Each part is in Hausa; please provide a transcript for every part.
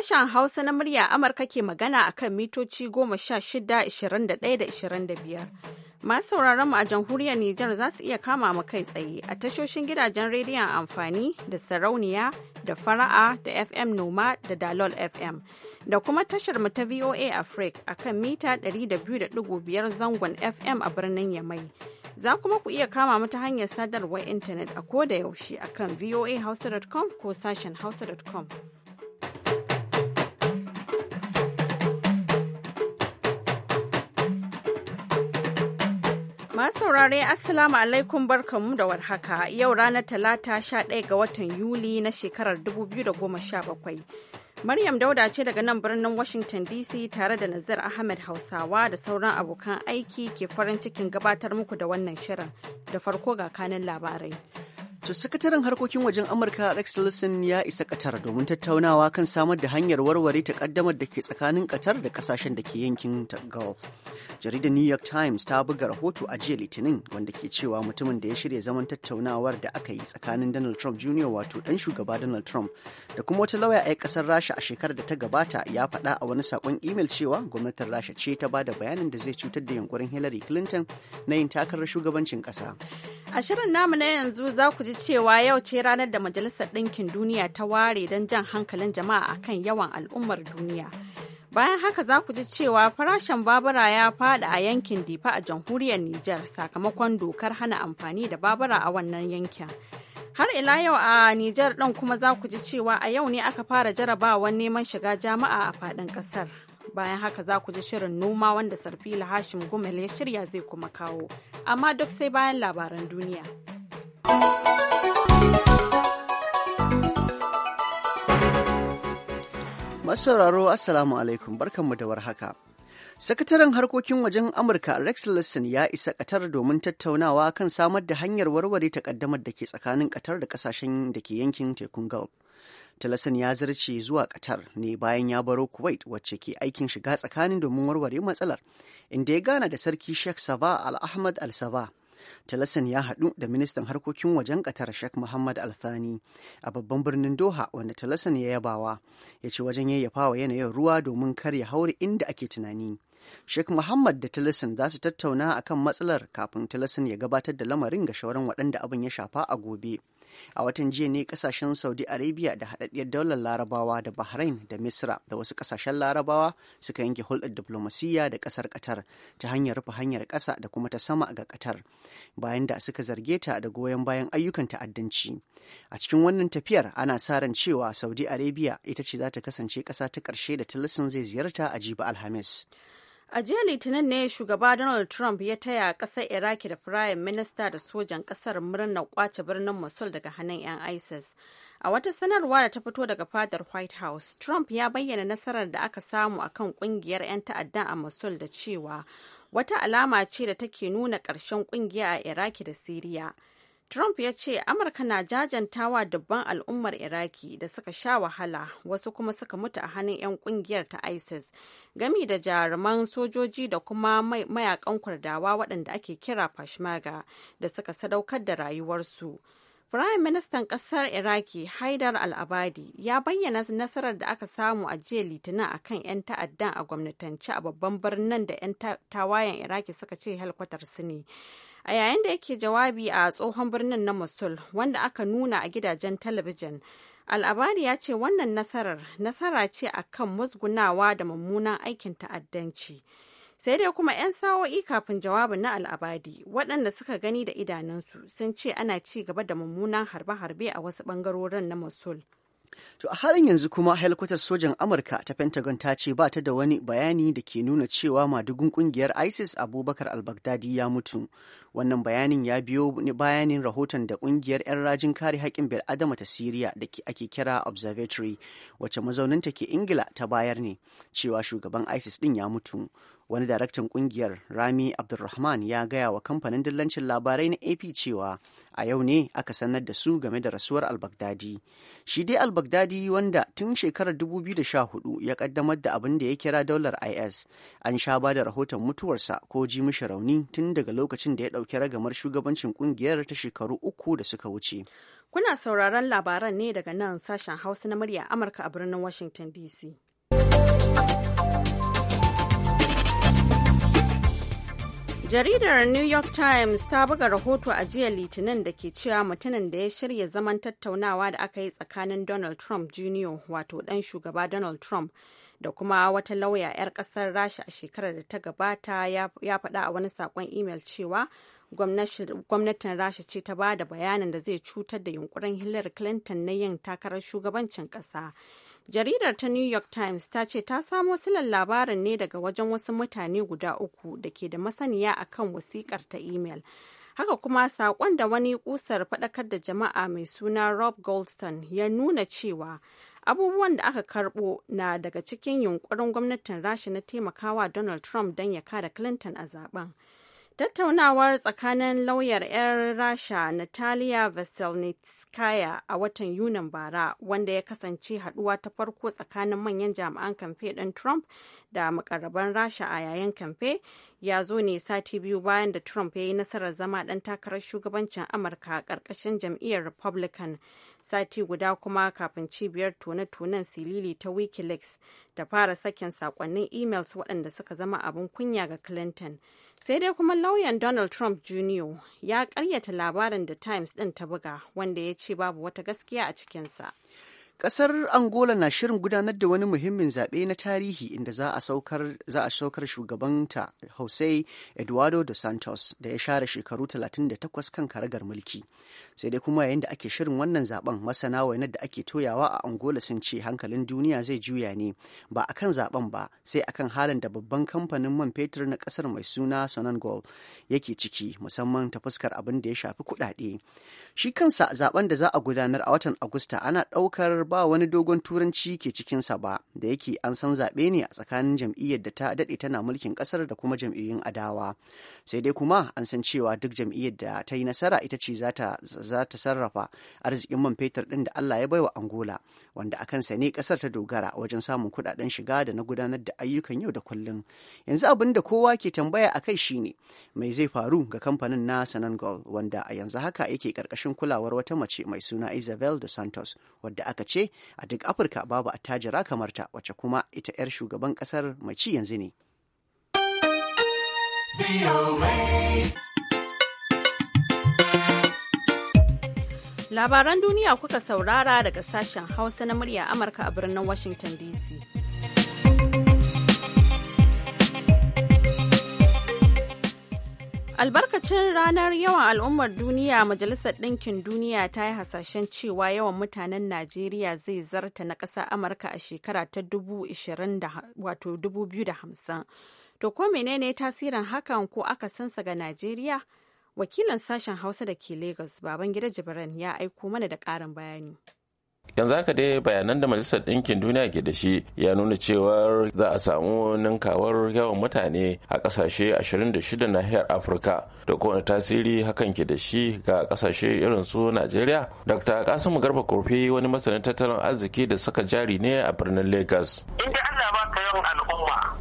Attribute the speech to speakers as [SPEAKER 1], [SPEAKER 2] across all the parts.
[SPEAKER 1] Sashen Hausa na murya Amurka ke magana a kan mitoci goma sha shida, ishirin ɗaya da ishirin biyar. Masu sauraron mu a jamhuriyar Nijar za su iya kama mu kai tsaye a tashoshin gidajen rediyon amfani da sarauniya da fara'a da FM Noma da Dalol FM da kuma tashar mu ta VOA Africa a kan mita 200.5 zangon FM a birnin Yamai. Za kuma ku iya kama mu ta hanyar sadarwar intanet a ko da yaushe a kan voahausa.com ko sashen hausa.com. Masu saurare Assalamu alaikum mu da warhaka yau ranar talata 11 ga watan Yuli na shekarar 2017. Maryam Dauda ce daga nan birnin Washington DC tare da Nazir Ahmed Hausawa da sauran abokan aiki ke farin cikin gabatar muku da wannan shirin da farko ga kanin labarai.
[SPEAKER 2] To sakataren harkokin wajen Amurka Rex Tillerson ya isa Qatar domin tattaunawa kan samar da hanyar warware takaddamar da ke tsakanin Qatar da kasashen da ke yankin Gulf. Jaridar New York Times ta buga rahoto a jiya Litinin wanda ke cewa mutumin da ya shirya zaman tattaunawar da aka yi tsakanin Donald Trump Jr. wato dan shugaba Donald Trump da kuma wata lauya a kasar Rasha a shekarar da ta gabata ya faɗa a wani sakon imel cewa gwamnatin Rasha ce ta bada bayanin da zai cutar da yunkurin Hillary Clinton na yin takarar shugabancin ƙasa.
[SPEAKER 1] A shirin namu na yanzu za ku ji ji cewa yau ce ranar da Majalisar Ɗinkin Duniya ta ware don jan hankalin jama'a kan yawan al'ummar duniya. Bayan haka za ku ji cewa farashin babura ya fada a yankin Difa a jamhuriyar Nijar sakamakon dokar hana amfani da babura a wannan yankin. Har ila yau a Nijar ɗin kuma za ku ji cewa a yau ne aka fara jarabawan neman shiga jama'a a faɗin ƙasar. Bayan haka za ku ji shirin noma wanda Sarfila Hashim Gumel ya shirya zai kuma kawo, amma duk sai bayan labaran duniya.
[SPEAKER 2] Masauraro Assalamu alaikum barkanmu da warhaka. Sakataren harkokin wajen Amurka Rex Tillerson ya isa Qatar domin tattaunawa kan samar da hanyar warware takaddamar da ke tsakanin Qatar da kasashen da ke yankin tekun Gulf. Talasan ya zarce zuwa Qatar ne bayan ya baro Kuwait wacce ke aikin shiga tsakanin domin warware matsalar, inda ya gana da sarki Sheikh Sabah Al-Ahmad Al-Sabah. Talasan ya haɗu da ministan harkokin wajen ƙatar Sheikh Muhammad Althani a babban birnin Doha wanda Talasan ya yabawa ya ce wajen yayyafawa yanayin ruwa domin kar ya haure inda ake tunani. Sheikh Muhammad da Talasan za su tattauna akan matsalar kafin Talasan ya gabatar da lamarin ga shawarar waɗanda abin ya shafa a gobe. a watan jiya ne kasashen saudi arabia da haɗaɗɗiyar daular larabawa da bahrain da misra da wasu kasashen larabawa suka yanke hulɗar diplomasiyya da ƙasar qatar ta hanyar rufe hanyar ƙasa da kuma ta sama ga qatar bayan da suka zarge ta da goyon bayan ayyukan ta'addanci a cikin wannan tafiyar ana sa ran cewa saudi arabia ita ce za ta kasance ƙasa ta ƙarshe da tilisin zai ziyarta a jibi alhamis
[SPEAKER 1] A jiya Litinin ne shugaba Donald Trump ya taya ƙasar Iraki da Firayim Minista da sojan ƙasar murnar kwace birnin Mosul daga hannun 'yan ISIS. A wata sanarwa da ta fito daga fadar White House, Trump ya bayyana nasarar da aka samu a kan kungiyar 'yan ta'addan a Mosul da cewa wata alama ce da take nuna ƙarshen kungiya a Iraki da Siriya. Trump ya ce Amurka na jajantawa dubban al'ummar Iraki da suka sha wahala wasu kuma suka mutu a hannun 'yan kungiyar ta ISIS gami da jaruman sojoji da kuma mayakan kurdawa waɗanda ake kira Peshmerga da suka sadaukar da rayuwarsu. Firayim Ministan ƙasar Iraki Haidar Al-Abadi ya bayyana nasarar da aka samu a jiya Litinin a kan 'yan ta'addan a gwamnatance a babban birnin da 'yan tawayen Iraki suka ce halkwatar su ne. a yayin da yake jawabi a tsohon birnin na mosul wanda aka nuna a gidajen talabijin al'abari ya ce wannan nasarar nasara ce a kan musgunawa da mummunan aikin ta'addanci sai dai kuma 'yan sawo'i kafin jawabin na al'abadi waɗanda suka gani da idanunsu sun ce ana ci gaba da mummunan harbe-harbe a wasu ɓangarorin na musul.
[SPEAKER 2] To a halin yanzu kuma helikwatar sojan Amurka ta Pentagon ta ce ba ta da wani bayani da ke nuna cewa madugun kungiyar ISIS Abubakar al-Baghdadi ya mutu. Wannan bayanin ya biyo bayanin rahoton da kungiyar 'yan rajin kare haƙƙin bil'adama ta Siriya da ake kira Observatory, wacce mazauninta ke Ingila ta bayar ne, cewa shugaban ISIS din ya mutu. wani daraktan kungiyar rami abdulrahman ya gaya wa kamfanin dillancin labarai na ap cewa a yau ne aka sanar da su game da rasuwar albagdadi baghdadi shi dai al wanda tun shekarar 2014 ya kaddamar da abin da ya kira daular is an sha ba da rahoton mutuwarsa ko ji mishi rauni tun daga lokacin da ya ɗauki ragamar shugabancin kungiyar ta shekaru uku da suka wuce
[SPEAKER 1] kuna sauraron labaran ne daga nan sashen hausa na murya amurka a birnin washington dc Jaridar New York Times ta buga rahoto a jiya Litinin da ke cewa mutumin da ya shirya zaman tattaunawa da aka yi tsakanin Donald Trump Jr. wato dan shugaba Donald Trump da kuma wata lauya 'yar kasar Rasha a shekarar da ta gabata ya faɗa a wani saƙon imel cewa gwamnatin Rasha ce ta ba da bayanin da zai cutar da yunkurin Hillary Clinton na yin takarar shugabancin ƙasa. jaridar ta new york times ta ce ta samo silar labarin ne daga wajen wasu mutane guda uku da ke da masaniya a kan wasikar ta imel haka kuma saƙon da wani kusar faɗakar da jama'a mai suna rob goldstone ya nuna cewa abubuwan da aka karɓo na daga cikin yunkurin gwamnatin rasha na taimakawa donald trump don ya kada clinton a zaben Tattaunawar tsakanin lauyar 'yar Rasha Natalia Veselnitskaya a watan Yunin bara wanda ya kasance haduwa ta farko tsakanin manyan jami'an kamfe ɗin Trump da makarraban Rasha a yayin kamfe ya zo ne sati biyu bayan da Trump ya yi nasarar zama ɗan takarar shugabancin Amurka a ƙarƙashin jam'iyyar Republican sati guda kuma kafin cibiyar tone-tonen silili ta Wikileaks ta fara sakin sakonnin emails waɗanda suka zama abin kunya ga Clinton. sai dai kuma lauyan donald trump jr ya karyata labarin da times din ta buga wanda ya ce babu wata gaskiya a cikinsa
[SPEAKER 2] Ƙasar Angola na shirin gudanar da wani muhimmin zaɓe na tarihi inda za a saukar, za a saukar shugabanta Jose Eduardo dos Santos da ya share shekaru 38 kan karagar mulki. Sai dai kuma yayin da ake shirin wannan zaben masana wainar da ake toyawa a Angola sun ce hankalin duniya zai juya ne ba akan zaben ba sai akan halin da babban kamfanin man fetur na ƙasar mai suna Sonangol yake ciki musamman ta fuskar abin da ya shafi kuɗaɗe. Shi kansa zaben da za a gudanar a watan Agusta ana ɗaukar ba wani dogon turanci ke cikinsa ba da yake an san zaɓe ne a tsakanin jam'iyyar da ta daɗe tana mulkin ƙasar da kuma jam'iyyun adawa sai dai kuma an san cewa duk jam'iyyar da ta yi nasara ita ce za ta sarrafa arzikin man fetur ɗin da Allah ya baiwa Angola wanda a sa ne ƙasar ta dogara wajen samun kuɗaɗen shiga da na gudanar da ayyukan yau da kullum yanzu abin da kowa ke tambaya a kai shine mai zai faru ga kamfanin na Senangol wanda a yanzu haka yake ƙarƙashin kulawar wata mace mai suna Isabel de Santos wadda aka ce ce a duk afirka babu attajira kamar ta wacce kuma ita 'yar shugaban kasar mai ci yanzu ne
[SPEAKER 1] labaran duniya kuka saurara daga sashen hausa na murya amurka a birnin washington dc albarkacin ranar yawan al'ummar duniya majalisar ɗinkin duniya ta yi hasashen cewa yawan mutanen najeriya zai zarta na ƙasa amurka a shekara ta 2050 to ko menene tasirin hakan ko aka sansa ga najeriya wakilin sashen hausa da ke lagos gida jibran ya aiko mana da ƙarin bayani
[SPEAKER 3] yanzu haka dai bayanan da majalisar ɗinkin duniya ke da shi ya nuna cewar za a samu ninkawar yawan mutane a ƙasashe 26 nahiyar afirka da kowane tasiri hakan ke da shi ga ƙasashe irin su najeriya dr kasimu garba kurfi wani masanin tattalin arziki da saka jari ne a birnin lagos
[SPEAKER 4] in baka yawan al'umma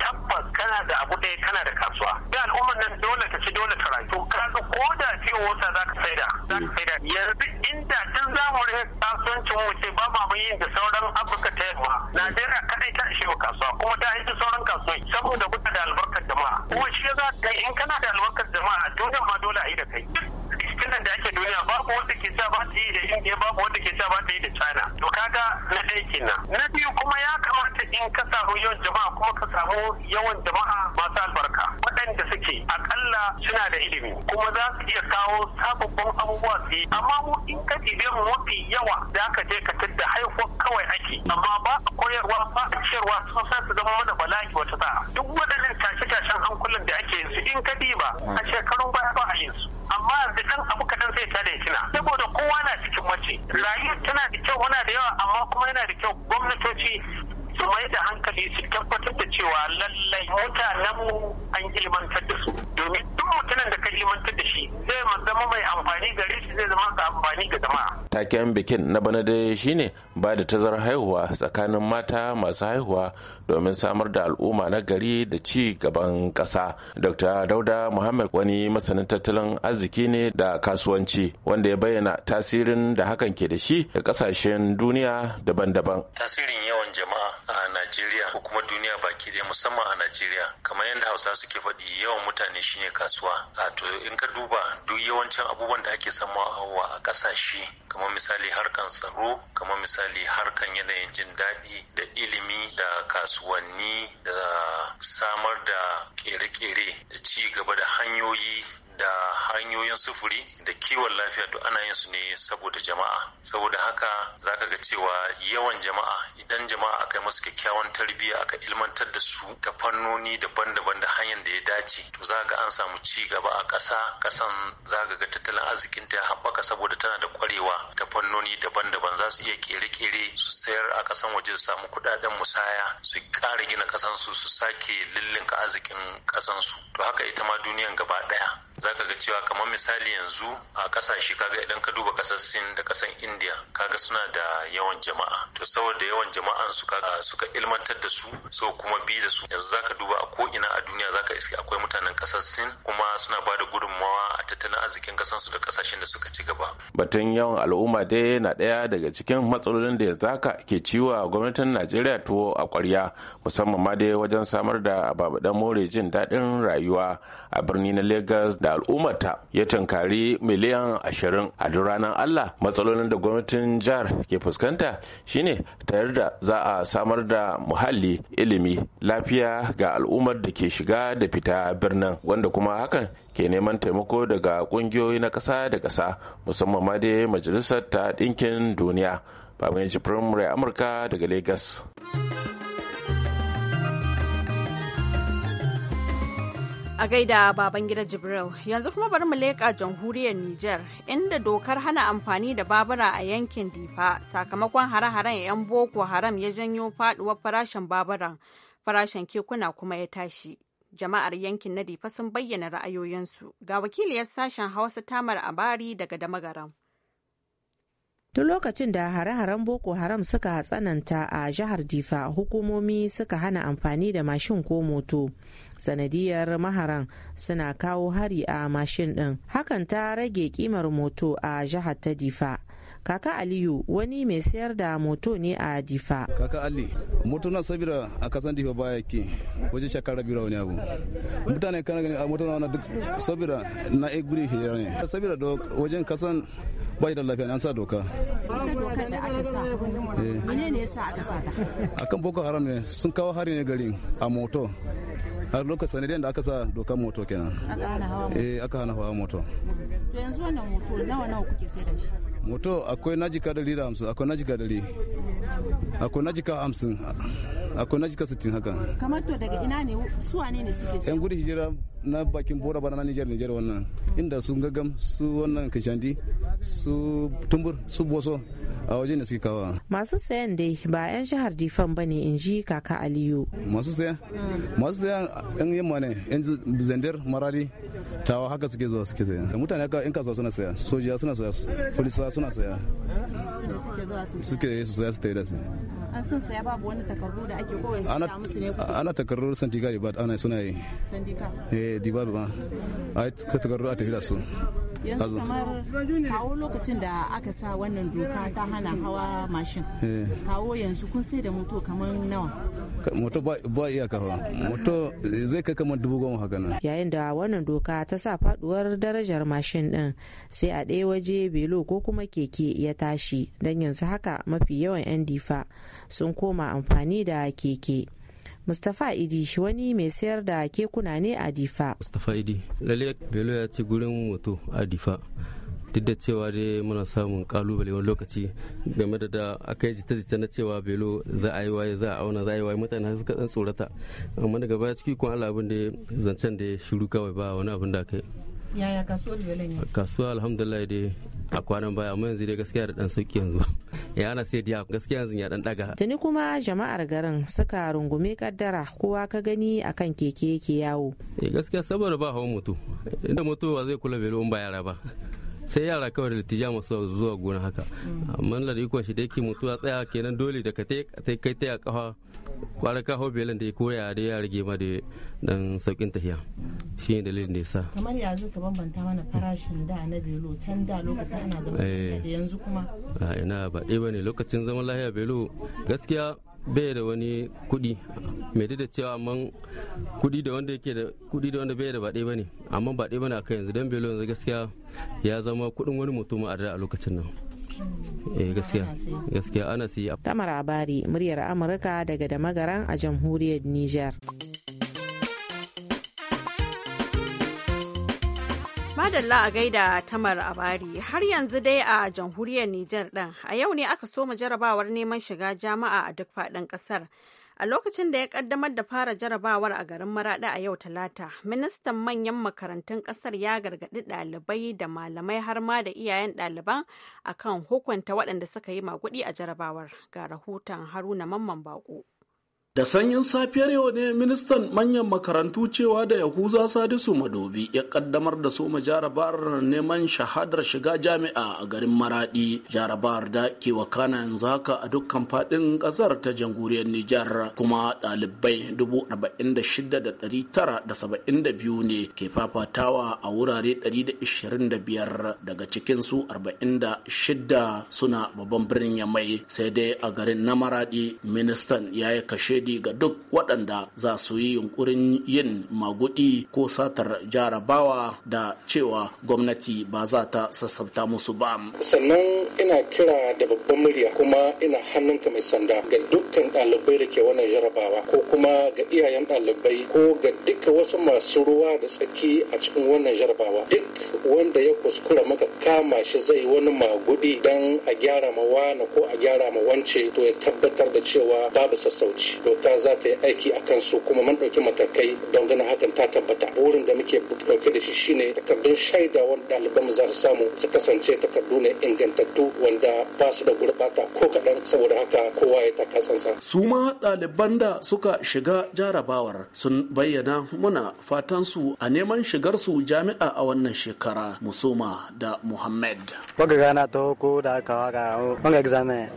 [SPEAKER 4] da abu ɗaya kana da kasuwa da al'ummar nan dole ta ci dole ta rayu to ga ko da ce wata za ka saida za ka saida yanzu inda tun zamurin kasuwancin mu ce ba ma yin da sauran afirka ta yamma najeriya kadai ta ishe wa kasuwa kuma ta ishe sauran kasuwai saboda kuka da albarkar jama'a kuma shi za ka in kana da albarkar jama'a duniya ma dole a yi da kai kinan da ake duniya babu wanda ke sa ba ta yi da indiya babu wanda ke sa ba ta yi da china to kaga na ɗaya kenan na biyu kuma ya kamata in ka samu yawan jama'a kuma ka samu yawan jama'a jama'a masu albarka waɗanda suke akalla suna da ilimi kuma za su iya kawo sababbin abubuwa su yi amma mu in ka ɗibe mu mafi yawa za ka je ka tadda haihuwa kawai ake amma ba a koyarwa ba a ciyarwa sun sa su zama mana bala'i wata sa'a duk waɗannan tashe-tashen hankulan da ake yin in ka ɗiba a shekarun baya ba a yin su amma yanzu dan abu kaɗan zai ta da tuna saboda kowa na cikin mace rayuwa tana da kyau muna da yawa amma kuma yana da kyau gwamnatoci su mai da hankali su tabbatar da cewa lallai mutanenmu an ilmantar da su domin duk mutumin da ka ilmantar da shi zai zama mai amfani gare shi zai zama amfani ga jama'a
[SPEAKER 3] taken bikin na bana dai shine ba da tazarar haihuwa tsakanin mata masu haihuwa domin samar da al'umma na gari da ci gaban ƙasa dr dauda muhammad wani masanin tattalin arziki ne da kasuwanci wanda ya bayyana tasirin da hakan ke da shi da ƙasashen duniya daban-daban
[SPEAKER 5] tasirin yawan jama'a a najeriya ko kuma duniya baki ɗaya musamman a najeriya kamar yadda hausa suke faɗi yawan mutane shine kasuwa a to in ka duba duk yawancin abubuwan da ake samawa a ƙasashe kamar misali harkan tsaro kamar misali misali harkan yanayin jin daɗi da ilimi da kasuwanni da samar da kere-kere da ci gaba da hanyoyi da hanyoyin sufuri da kiwon lafiya to ana yin su ne saboda jama'a saboda haka zaka ga cewa yawan jama'a idan jama'a aka yi musu kyakkyawan tarbiyya aka ilmantar da su ta fannoni daban-daban da hanyar da ya dace to za ga an samu ci gaba a ƙasa ƙasan za ga ga tattalin arzikin ta ya haɓaka saboda tana da ƙwarewa ta fannoni daban-daban za su iya ƙere-ƙere su sayar a ƙasan waje su samu kuɗaɗen musaya su ƙara gina ƙasansu su sake lillinka arzikin ƙasansu to haka ita ma duniyan gaba ɗaya zaka ga cewa kamar misali yanzu a kasashe kaga idan ka duba kasar sin da kasar indiya kaga suna da yawan jama'a to saboda yawan jama'an su suka ilmantar da su so kuma bi da su yanzu zaka duba a ko ina a duniya zaka iske akwai mutanen kasar sin kuma suna ba da gudunmawa a tattalin arzikin kasar su da kasashen da suka
[SPEAKER 3] ci gaba batun yawan al'umma dai na daya daga cikin matsalolin da yanzu haka ke ciwa gwamnatin najeriya tuwo a kwarya musamman ma dai wajen samar da ababadan more jin daɗin rayuwa a birni na lagos da al'ummarta ya tunkari miliyan ashirin a duk ranar allah matsalolin da gwamnatin jihar ke fuskanta shine ta da za a samar da muhalli ilimi lafiya ga al'ummar da ke shiga da fita birnin wanda kuma hakan ke neman taimako daga kungiyoyi na ƙasa da ƙasa musamman ma dai majalisar ta ɗinkin duniya babban jibrin murai amurka daga lagos
[SPEAKER 1] A gaida baban gida Jibril, yanzu kuma bari mu leƙa jamhuriyar Nijar, inda dokar hana amfani da babura a yankin Difa sakamakon hare-haren 'yan Boko Haram ya janyo faduwar farashin babaran farashin kekuna kuma ya tashi. Jama'ar yankin na Difa sun bayyana ra'ayoyinsu. Ga wakiliyar sashen Hausa Tamar Abari daga Damagaram.
[SPEAKER 6] Tun lokacin da hare-haren Boko Haram suka tsananta a jihar Difa hukumomi suka hana amfani da mashin ko moto. Sanadiyar maharan suna kawo hari a mashin ɗin. Hakan ta rage kimar moto a jihar ta Difa. Kaka Aliyu wani mai sayar da moto ne a Difa.
[SPEAKER 7] Kaka Ali, moto na sabira a kasan Difa baya ke wajen shekara biyu wani abu. Mutane kana gani a moto na wani duk sabira na e guri hijira ne. Sabira da wajen kasan bai da lafiya an sa doka akan eh. boko haram ne sun kawo hari ne garin a moto har lokacin sanadiyar da aka sa doka moto kenan eh aka hana hawa moto
[SPEAKER 6] to yanzu wannan moto nawa nawa kuke sai da shi
[SPEAKER 7] moto akwai ka dari da hamsin akwai najika dari akwai najika hamsin akwai najika sittin haka
[SPEAKER 6] kamar to daga ina ne suwa ne ne suke
[SPEAKER 7] yan gudu hijira na bakin bora bana na nijar nijar wannan inda su gagam su wannan kashandi su tumbur su boso a wajen da suke kawo
[SPEAKER 6] masu sayan dai ba 'yan shahar difan ba ne in ji kaka aliyu
[SPEAKER 7] masu sayan masu sayan yan yamma ne yan zandar marari tawa haka suke zuwa suke saya mutane haka in kasuwa suna saya sojiya suna saya polisa suna saya suke zuwa su saya su tayi da su
[SPEAKER 6] an sun saya babu wani takardu da ake kowai ana musu ne
[SPEAKER 7] ana takardu sandiga da ba ana suna yi sandiga eh di ba ba ai takardu a tafi da su
[SPEAKER 6] yanzu kamar kawo lokacin da aka sa wannan doka ta hana hawa mashin eh. kawo yanzu kun sai da moto kamar nawa
[SPEAKER 7] moto ba iya kafa moto zai kai kamar dubu goma haka nan
[SPEAKER 6] yayin da wannan doka ta sa faduwar darajar mashin din sai a ɗaya waje belo ko kuma keke ya tashi don yanzu haka mafi yawan yan difa sun koma amfani da keke. Mustapha Idi shi wani mai sayar da kekuna ne a Difa.
[SPEAKER 8] Mustapha Idi, lalle Bello ya ce gurin wato a Difa. duk da cewa dai muna samun kalubale wani lokaci game da da aka yi jita-jita na cewa belo za a yi waye za a auna za a yi waye mutane har suka tsorata amma daga baya ciki kun Allah abin da zancen da shiru kawai ba wani abin da aka yi
[SPEAKER 6] yaya kasuwar Yola ne
[SPEAKER 8] kasuwa alhamdulillah dai a kwanan baya amma yanzu dai gaskiya da dan sauki yanzu ya ana sai diya gaskiya yanzu ya dan daga
[SPEAKER 6] tuni kuma jama'ar garin suka rungume kaddara kowa ka gani akan
[SPEAKER 8] keke yake yawo eh gaskiya saboda ba hawan mutu inda mutu ba zai kula belo ba yara ba sai yara kawai da litija masu zuwa gona haka mm. amma da ikon shi da yake mutuwa tsaya kenan dole da ka kai ta a kafa kwara ka hau belin da ya koya da ya rage ma da dan saukin tafiya shi ne dalilin da ya sa
[SPEAKER 6] kamar ya zai ka bambanta mana farashin da na belo can da lokacin ana zama eh. da yanzu kuma
[SPEAKER 8] a ina ba ɗaya bane lokacin zaman lahiya belo gaskiya bai da wani kudi mai da cewa amma kudi da wanda yake da kudi da wanda bai da ba ɗaya bane amma ba ɗaya bane akai yanzu dan belo yanzu gaskiya ya zama kudin wani mutum a da a lokacin nan eh gaskiya gaskiya ana siya Tamar
[SPEAKER 6] abari muryar amurka daga da magaran a jamhuriyar niger
[SPEAKER 1] Madalla a gaida tamar abari har yanzu dai a jamhuriyar Nijar ɗin a yau ne aka so mu jarabawar neman shiga jama'a a duk faɗin ƙasar. A lokacin da ya kaddamar da fara jarabawar a garin Maraɗa a yau Talata, ministan manyan makarantun ƙasar ya gargaɗi ɗalibai da malamai har ma da iyayen ɗaliban akan hukunta waɗanda suka yi maguɗi a jarabawar. Ga rahoton Haruna Mamman baƙo.
[SPEAKER 9] Da sanyin safiyar yau ne ministan manyan makarantu cewa da Yahuza Sadisu Madobi ya kaddamar da soma jarabar neman shahadar shiga jami'a a garin Maradi. Jarabar da ke wakana yanzu haka a dukkan fadin kasar ta jamhuriyar Nijar kuma ɗalibai biyu ne ke fafatawa a wurare 125 daga cikin su 46 suna babban birnin Yamai sai dai a garin na Maradi ministan ya yi kashe alheri ga duk waɗanda za su yi yunkurin yin magudi ko satar jarabawa da cewa gwamnati ba za ta sassabta musu ba. Sannan ina kira da babban murya kuma ina hannunka mai sanda ga dukkan ɗalibai da ke wannan jarabawa ko kuma ga iyayen ɗalibai ko ga duka wasu masu ruwa da tsaki a cikin wannan jarabawa duk wanda ya kuskura maka kama shi zai wani magudi dan a gyara ma wani ko a gyara ma wance to ya tabbatar da cewa babu sassauci. ta za ta yi aiki a kansu kuma mun ɗauki matakai don ganin hakan ta tabbata burin da muke ɗauke da shi shine takardun shaida wanda
[SPEAKER 5] ɗalibanmu za su samu su kasance takardu ne ingantattu wanda ba su da gurɓata ko kaɗan saboda haka kowa ya taka tsantsan.
[SPEAKER 9] su ma ɗaliban da suka shiga jarabawar sun bayyana muna fatan su a neman shigar su jami'a a wannan shekara musoma da muhammad.
[SPEAKER 8] Baka gana ta ko da aka waka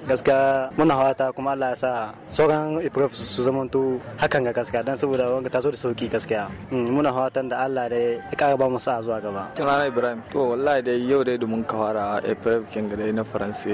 [SPEAKER 8] gaskiya muna
[SPEAKER 2] fata kuma Allah ya sa sauran iprofs su to hakan ga gaskiya dan saboda wanga ta da sauki gaskiya mm, muna fatan da Allah da ya kara ba mu sa zuwa gaba
[SPEAKER 10] kana Ibrahim to wallahi dai
[SPEAKER 7] yau dai da mun ka fara April King dai na France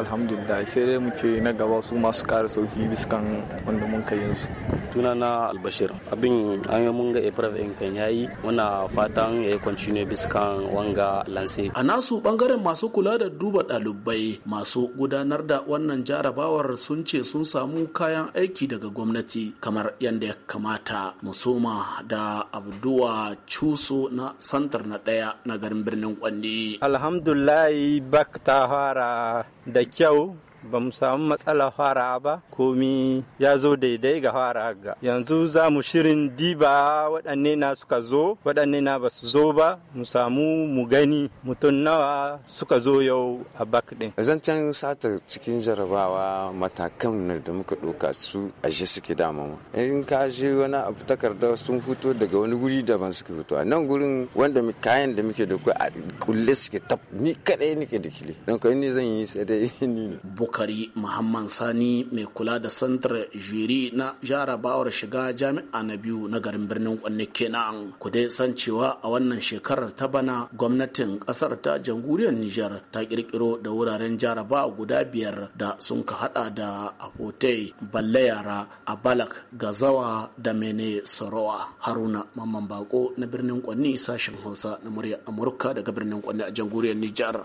[SPEAKER 7] alhamdulillah sai dai mu ce na gaba su masu kara sauki biskan wanda mun kai yansu
[SPEAKER 8] tuna na Albashir abin an yi mun ga April in kan yayi muna fatan ya continue biskan wanga lance a
[SPEAKER 9] nasu bangaren masu kula da duba dalibai masu gudanar da wannan jarabawar sun ce sun samu kayan aiki daga gwamnati kamar yadda ya kamata musoma da abduwa cuso na santar na ɗaya na garin birnin kwandi
[SPEAKER 10] alhamdulahi bak ta fara da kyau ba mu samu matsala fara ba komi ya zo daidai ga fara ga yanzu za mu shirin diba waɗanne na suka zo waɗanne na ba su zo ba mu samu mu gani mutum nawa suka zo yau a bak ɗin. zancen sata cikin jarabawa matakan da muka ɗauka su a shi suke dama in ka
[SPEAKER 11] je wani abu takarda sun fito daga wani guri daban suke fito a nan gurin wanda kayan da muke da a kulle suke tab ni kaɗai nake da kile don ni zan yi sai dai ni ne. Bukari Muhammad Sani
[SPEAKER 9] mai kula da santar jiri na jarabawar shiga jami'a na biyu na garin birnin Kwanne kenan. Ku dai san cewa a wannan shekarar ta bana gwamnatin kasar ta jamhuriyar Nijar ta kirkiro da wuraren jaraba guda biyar da sun ka hada da Afote, a Abalak, Gazawa da Mene sarowa Haruna Mamman Bako na birnin Kwanne sashen Hausa na murya Amurka daga birnin Kwanne a jamhuriyar Nijar.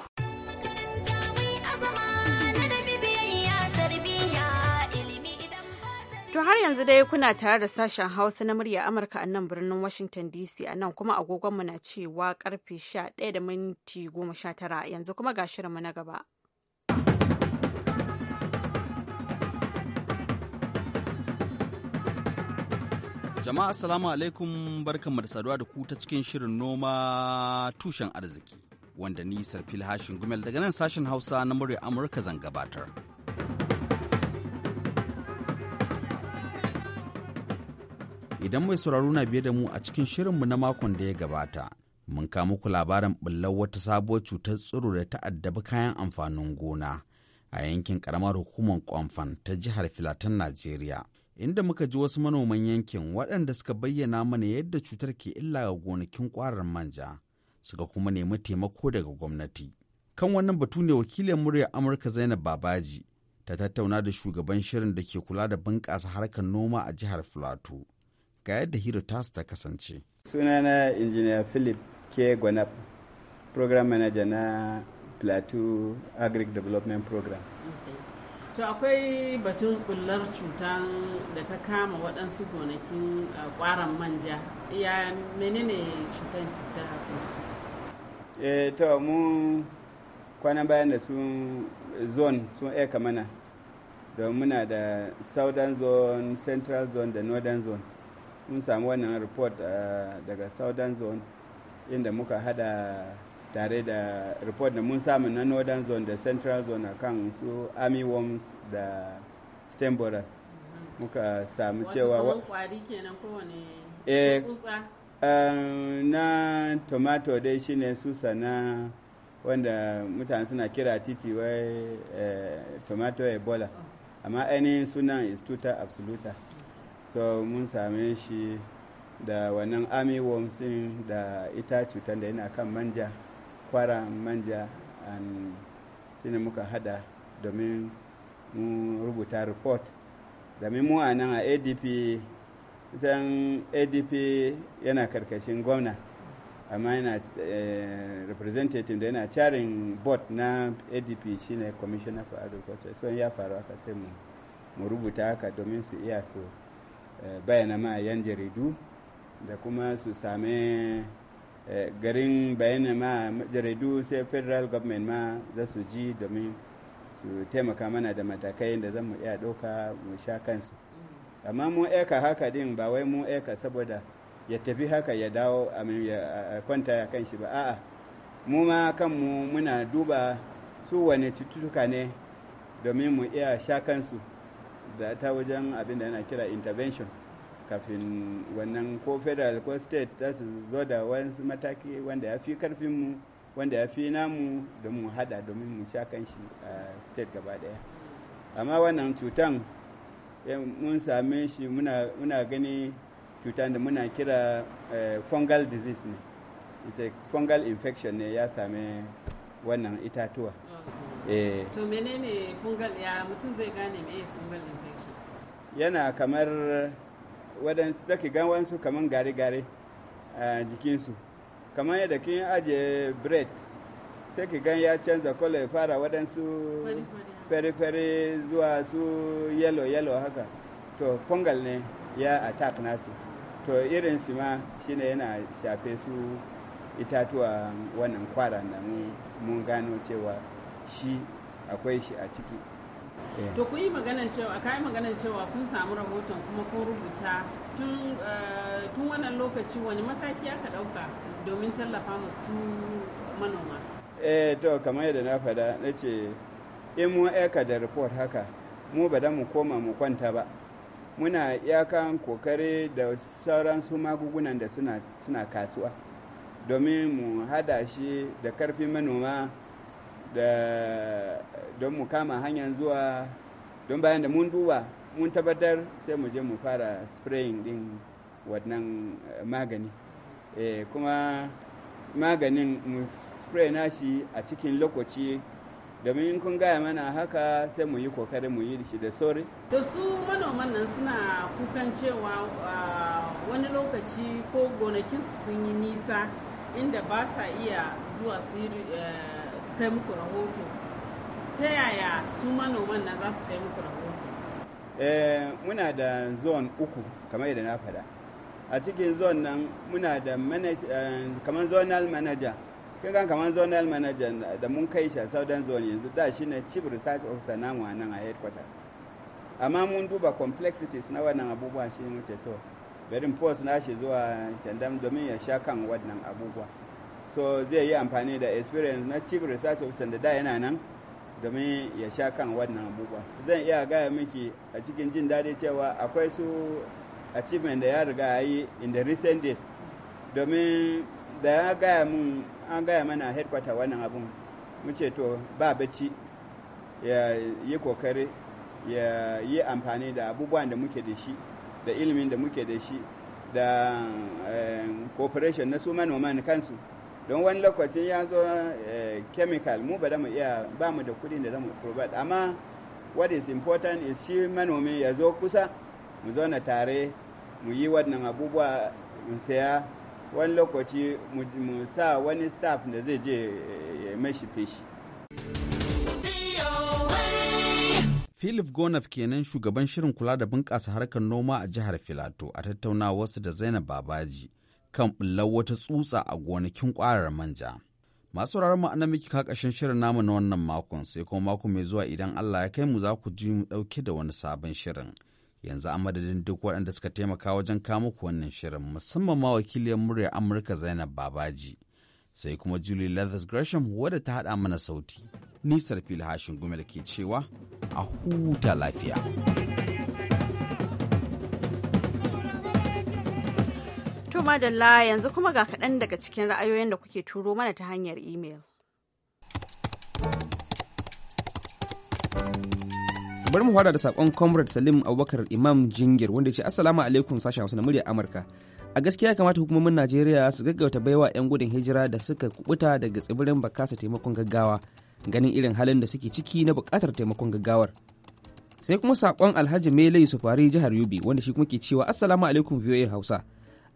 [SPEAKER 1] To har yanzu dai kuna tare da sashen Hausa na murya Amurka a nan birnin Washington DC a nan kuma agogonmu na cewa karfe 11 da minti 19 yanzu kuma ga shirinmu na gaba.
[SPEAKER 11] Jama'a assalamu alaikum barkanmu da saduwa da ku ta cikin shirin noma tushen arziki wanda ni Sarfil Hashin Gumel daga nan sashen Hausa na murya Amurka zan gabatar. idan mai sauraro na biye da mu a cikin shirinmu na makon da ya gabata mun kama muku labarin bullar wata sabuwar cutar tsiro da ta kayan amfanin gona a yankin karamar hukumar kwamfan ta jihar filatan najeriya inda muka ji wasu manoman yankin waɗanda suka bayyana mana yadda cutar ke illa ga gonakin kwarar manja suka kuma nemi taimako daga gwamnati kan wannan batu ne wakilin murya amurka zainab babaji ta tattauna da shugaban shirin da ke kula da bunƙasa harkar noma a jihar filato ga yadda hira tasu ta
[SPEAKER 10] kasance. Sunana Injiniya Philip K. Gwanap, Program Manager na Plateau Agric Development Program.
[SPEAKER 6] To akwai
[SPEAKER 1] batun bullar cutar da ta kama waɗansu gonakin kwaran uh, manja.
[SPEAKER 8] Ya menene cutan da
[SPEAKER 10] Eh to mu kwanan bayan da sun zone sun aika mana. don muna da southern zone central zone da northern zone mun samu wannan report eh, daga southern zone inda muka hada tare da report da mun samu na northern zone da central zone a kan su army worms da stem borers muka samu cewa
[SPEAKER 1] kenan eh,
[SPEAKER 10] eh, na tomato dai shine susa na wanda mutane suna kira titi wai tomato ebola oh. amma ainihin sunan is tuta absoluta so mun same shi da wannan army worms din da ita cutar da yana kan manja kwara manja and shine muka hada domin mu rubuta report domin mu a nan a adp zan adp yana karkashin gwamna amma yana eh, representative da yana charin board na adp shine commissioner for agriculture so ya faru aka sai mu rubuta haka domin su iya so. bayyana ma 'yan jaridu da kuma su same eh, garin bayyana ma jaridu sai federal government ma za su ji domin su taimaka mana da matakai da zan mu iya ɗauka mu sha kansu amma mu eka haka din ba wai mu eka saboda ya tafi haka ya dawo ya kwanta ya kan shi ba a'a mu ma kanmu muna duba su wane cututtuka ne domin mu iya sha kansu da ta wajen abin da yana kira intervention kafin wannan ko federal ko state za su zo da wani mataki wanda ya fi karfinmu wanda ya fi namu da mu hada domin mu sha kan shi a state gaba daya amma wannan cutan eh, mun same shi muna gani cutan da muna kira eh, fungal disease ne isa fungal infection ne ya same wannan itatuwa mm-hmm. eh.
[SPEAKER 1] to menene fungal ya mutum zai gane me
[SPEAKER 4] fungal infection
[SPEAKER 10] yana kamar waɗansu zaki gan waɗansu kamar gare-gare a jikinsu kamar yadda kin ajiye bread sai ki gan ya canza kwallo ya fara waɗansu fere-fere zuwa su yellow-yellow haka to fungal ne ya attack nasu to irin su ma shine yana shafe su itatuwa wannan kwara da mun gano cewa shi akwai shi a ciki
[SPEAKER 1] to ku yi maganan cewa ka yi maganar cewa kun samu rahoton kuma kun rubuta eh, tun wannan lokaci wani mataki aka ɗauka domin tallafa masu manoma
[SPEAKER 10] eh to kamar yadda na faɗa na ce in mu aika da report haka mu ba da mu koma mu kwanta ba muna iyakan kokari da sauran su magungunan da suna kasuwa domin mu hada shi da karfi manoma da don mu kama hanyar zuwa don bayan da mun duba mun tabbatar sai mu je mu fara spraying din wannan eh, magani e, kuma maganin mu spray nashi a cikin lokaci domin kun gaya mana haka sai mu yi kokarin mu yi shi da sauri.
[SPEAKER 1] da su manoman nan suna kukan cewa ah, wani lokaci ko gonakinsu sun yi nisa inda ba sa iya zuwa su yi eh, su kai muku rahoto ta yaya su manoman na za su kai muku rahoto
[SPEAKER 10] eh, muna da zone uku kamar yadda na faɗa a cikin zone nan muna da eh, kamar zonal manager kin kan kamar zonal manager da mun kai shi a southern zone yanzu da shine chief research officer namu a nan a headquarter amma mun duba complexities na wannan abubuwa shi ne to berin post na shi zuwa shandam domin ya sha kan wannan abubuwa so zai yi amfani da experience na chief research officer da da yana nan domin ya sha kan wannan abubuwa zan iya gaya miki a cikin jin daɗi cewa akwai su achievement da ya riga ya yi in the recent days domin da ya gaya mun an gaya mana headquarter wannan abun mu ce to ba bacci ya yi kokari ya yi amfani da abubuwan da muke da shi da ilimin da muke da shi da eh, cooperation na su manoman kansu don wani lokacin ya zo eh, chemical mu ba da mu iya ba mu da kudin da mu provide amma what is important is shi manomi ya zo kusa mu zauna tare mu yi wannan abubuwa mu saya wani lokaci mu sa wani staff da zai je ya eh, mashi feshi
[SPEAKER 11] Philip Gonaf kenan shugaban shirin kula da bunƙasa harkar noma a jihar Filato a tattaunawarsu da Zainab Babaji. kan bullar wata tsutsa a gonakin ƙwarar manja. Masu mu ma'ana miki kakashin shirin namu na wannan makon sai kuma mako mai zuwa idan Allah ya kai mu za ku ji mu ɗauke da wani sabon shirin. Yanzu a madadin duk waɗanda suka taimaka wajen kama ku wannan shirin musamman ma wakiliyar murya Amurka Zainab Babaji. Sai kuma Julie Leathers Gresham wadda ta haɗa mana sauti. Nisar fili hashin gumel ke cewa a huta lafiya.
[SPEAKER 1] To madalla yanzu kuma ga kaɗan daga cikin ra'ayoyin da kuke turo mana ta hanyar email.
[SPEAKER 12] bari mu fara da sakon comrade salim abubakar imam jingir wanda ce assalamu alaikum sashen hausa na murya amurka a gaskiya kamata hukumomin najeriya su gaggauta baiwa 'yan gudun hijira da suka kubuta daga tsibirin bakasa taimakon gaggawa ganin irin halin da suke ciki na bukatar taimakon gaggawar sai kuma sakon alhaji mele fari jihar yobe wanda shi kuma ke cewa assalamu alaikum voa hausa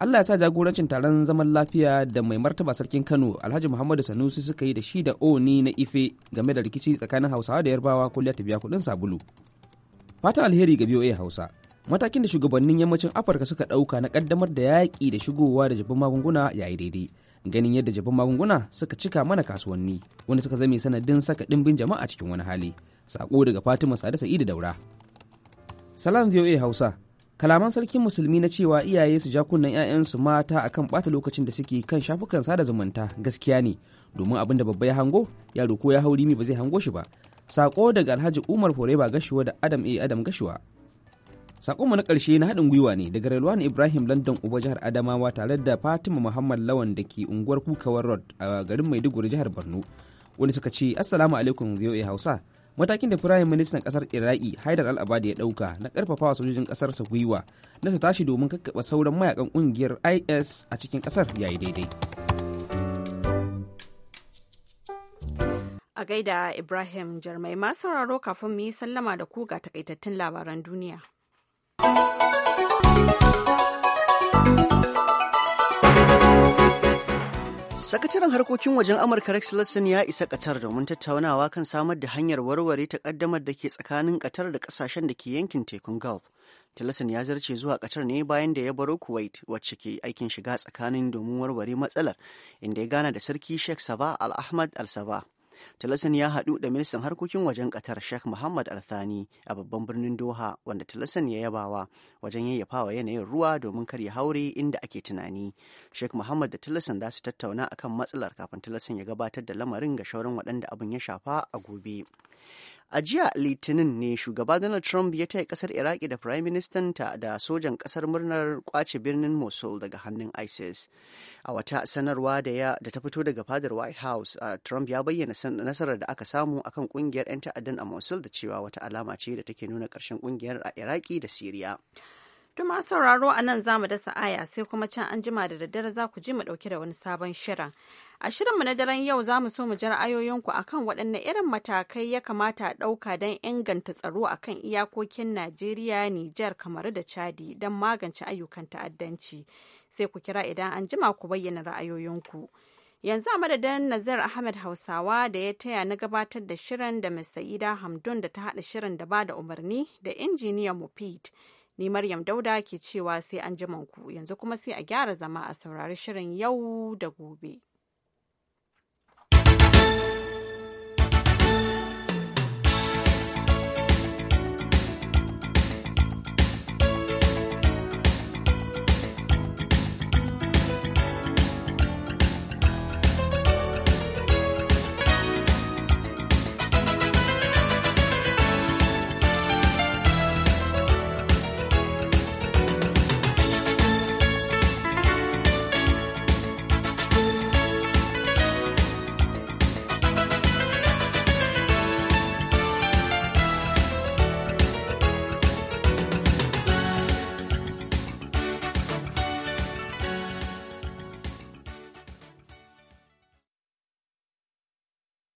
[SPEAKER 12] Allah ya sa jagorancin taron zaman lafiya da mai martaba sarkin Kano Alhaji Muhammadu Sanusi suka yi da shi da Oni na Ife game da rikici tsakanin Hausawa da Yarbawa kulliya ta biya kuɗin sabulu. Fatan alheri ga BOA Hausa. Matakin da shugabannin yammacin Afirka suka ɗauka na ƙaddamar da yaƙi da shigowa da jabin magunguna yayi daidai. Ganin yadda jabin magunguna suka cika mana kasuwanni wanda suka zame sanadin saka ɗimbin jama'a cikin wani hali. Sako daga Fatima Sada Sa'idu Daura. Salam VOA Hausa. kalaman sarkin musulmi na cewa iyaye su ja kunnen 'ya'yansu mata akan bata lokacin da suke kan shafukan sada zumunta gaskiya ne domin abin da babba ya hango yaro ko ya hauri mi ba zai hango shi ba sako daga alhaji umar foreba gashuwa da adam a adam gashuwa sako mu na karshe na haɗin gwiwa ne daga relwan ibrahim london uba jihar adamawa tare da fatima muhammad lawan da ke unguwar kukawar rod a garin maiduguri jihar borno wani suka ce assalamu alaikum zai hausa matakin da firayim ministan kasar iraki haidar al ya dauka na karfafawa sojojin kasar sa gwiwa na su tashi domin kakkaba sauran mayakan kungiyar is a cikin kasar yayi daidai
[SPEAKER 1] a gaida ibrahim jarmai masu sauraro kafin mu yi sallama da ku ga takaitattun labaran
[SPEAKER 2] duniya Sakataren harkokin wajen Amurka Rex Tillerson ya isa Qatar domin tattaunawa kan samar da hanyar warware ta takaddamar da ke tsakanin Qatar da kasashen da ke yankin tekun Gulf. Tillerson ya zarce zuwa Qatar ne bayan da ya baro Kuwait wacce ke aikin shiga tsakanin domin warware matsalar inda ya gana da sarki Sheikh Sabah Al-Ahmad Al-Sabah. Tillerson ya haɗu da ministan harkokin wajen ƙatar Sheikh Muhammad Althani a babban birnin Doha wanda Tillerson ya yabawa wajen yayyafawa yanayin ruwa domin kar ya haure inda ake tunani. Sheikh Muhammad da Tillerson za su tattauna akan matsalar kafin Tillerson ya gabatar da lamarin ga shauran waɗanda abin ya shafa a gobe. A jiya Litinin ne shugaba Donald Trump ya taya kasar Iraki da Prime Minister ta da sojan kasar murnar kwace birnin Mosul daga hannun ISIS. A wata sanarwa da ya da ta fito daga fadar White House, uh, Trump ya bayyana nasarar da aka samu akan kungiyar 'yan ta'addan a Mosul da cewa wata alama ce da take nuna ƙarshen kungiyar a Iraki da Siriya.
[SPEAKER 1] Tuma sauraro a nan za mu dasa aya sai kuma can an jima da daddare za ku ji mu ɗauki da wani sabon shirin. A shirinmu na daren yau za mu so mu ji ra'ayoyinku kan waɗanne irin matakai ya kamata a ɗauka don inganta tsaro a kan iyakokin Najeriya, Nijar, Kamaru da Chadi don magance ayyukan ta'addanci. Sai ku kira idan an jima ku bayyana ra'ayoyinku. yanzu a madadin nazir ahmed hausawa da ya taya na gabatar da shirin da mr ida hamdun da ta haɗa shirin da ba da umarni da injiniya mufid Ni Maryam Dauda ke cewa sai an ku yanzu kuma sai a gyara zama a saurari shirin yau da gobe.